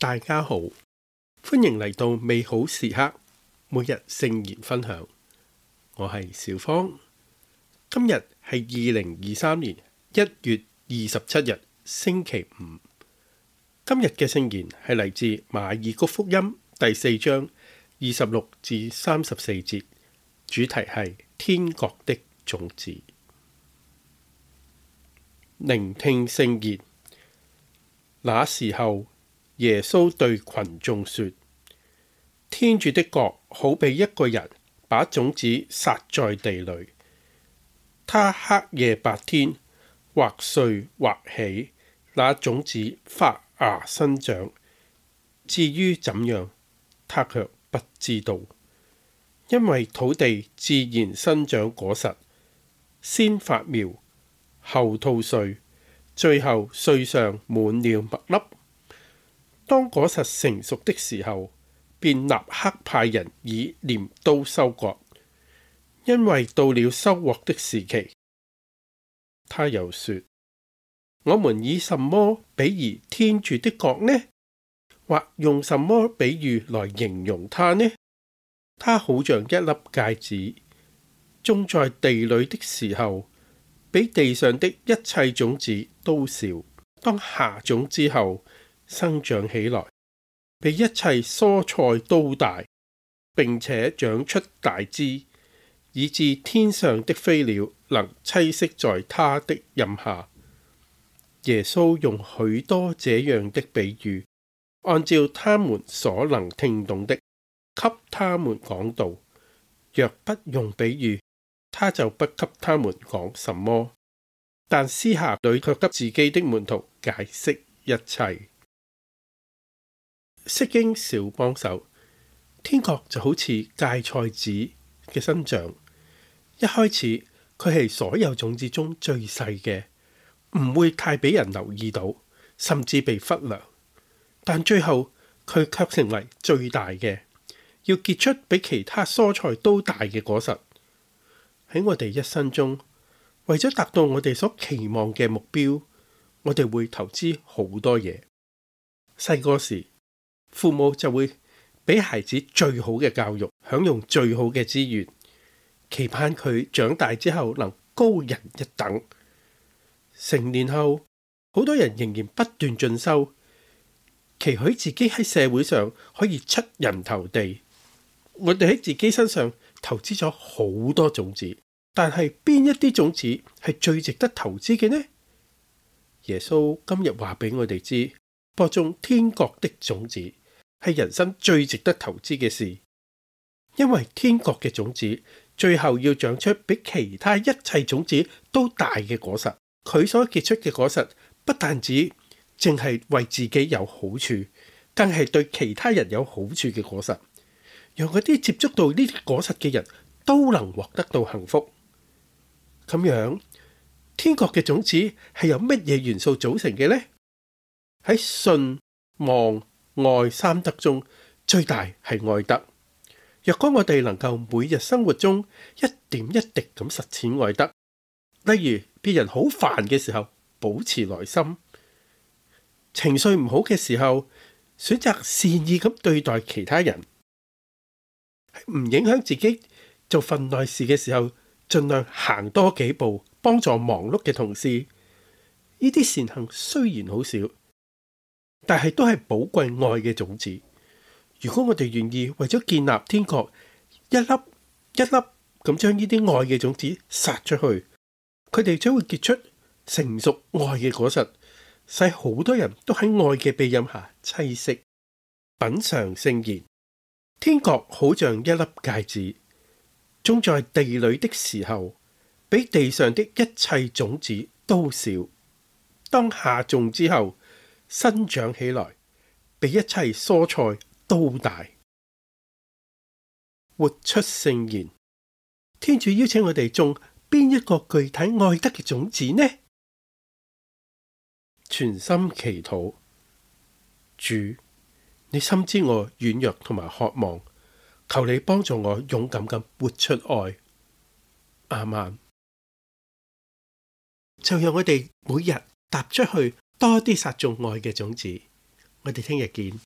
大家好，歡迎嚟到美好時刻每日聖言分享。我係小芳。今日係二零二三年一月二十七日星期五。今日嘅聖言係嚟自馬爾谷福音第四章二十六至三十四節，主題係天國的種子。聆聽聖言，那時候。耶穌對群眾說：天主的國好比一個人把種子撒在地裏，他黑夜白天，或睡或起，那種子發芽生長。至於怎樣，他卻不知道，因為土地自然生長果實，先發苗，後吐穗，最後穗上滿了麥粒。當果實成熟的時候，便立刻派人以鐮刀收割。因為到了收穫的時期。他又說：我們以什麼比喻天主的國呢？或用什麼比喻來形容它呢？它好像一粒芥子，種在地裏的時候，比地上的一切種子都小。當下種之後，生長起來，比一切蔬菜都大，並且長出大枝，以致天上的飛鳥能棲息在它的蔭下。耶穌用許多這樣的比喻，按照他們所能聽懂的，給他們講道。若不用比喻，他就不給他們講什麼。但私下裏卻給自己的門徒解釋一切。釋經小幫手，天國就好似芥菜籽嘅生長。一開始佢係所有種子中最細嘅，唔會太俾人留意到，甚至被忽略。但最後佢卻成為最大嘅，要結出比其他蔬菜都大嘅果實。喺我哋一生中，為咗達到我哋所期望嘅目標，我哋會投資好多嘢。細個時。父母就會俾孩子最好嘅教育，享用最好嘅資源，期盼佢長大之後能高人一等。成年後，好多人仍然不斷進修，期許自己喺社會上可以出人頭地。我哋喺自己身上投資咗好多種子，但係邊一啲種子係最值得投資嘅呢？耶穌今日話俾我哋知：播種天國的種子。係人生最值得投資嘅事，因為天國嘅種子最後要長出比其他一切種子都大嘅果實。佢所結出嘅果實不單止淨係為自己有好處，更係對其他人有好處嘅果實，讓嗰啲接觸到呢啲果實嘅人都能獲得到幸福。咁樣，天國嘅種子係由乜嘢元素組成嘅呢？喺信望。愛三德中最大係愛德。若果我哋能夠每日生活中一點一滴咁實踐愛德，例如別人好煩嘅時候保持耐心，情緒唔好嘅時候選擇善意咁對待其他人，唔影響自己做份內事嘅時候，盡量行多幾步幫助忙碌嘅同事，呢啲善行雖然好少。但係都係寶貴愛嘅種子。如果我哋願意為咗建立天國，一粒一粒咁將呢啲愛嘅種子撒出去，佢哋將會結出成熟愛嘅果實，使好多人都喺愛嘅庇蔭下棲息，品嘗聖言。天國好像一粒芥子，種在地裏的時候，比地上的一切種子都小。當下種之後。生長起來，比一切蔬菜都大，活出聖言。天主邀請我哋種邊一個具體愛德嘅種子呢？全心祈禱，主，你深知我軟弱同埋渴望，求你幫助我勇敢咁活出愛。阿們，就讓我哋每日踏出去。多啲撒種愛嘅種子，我哋聽日見。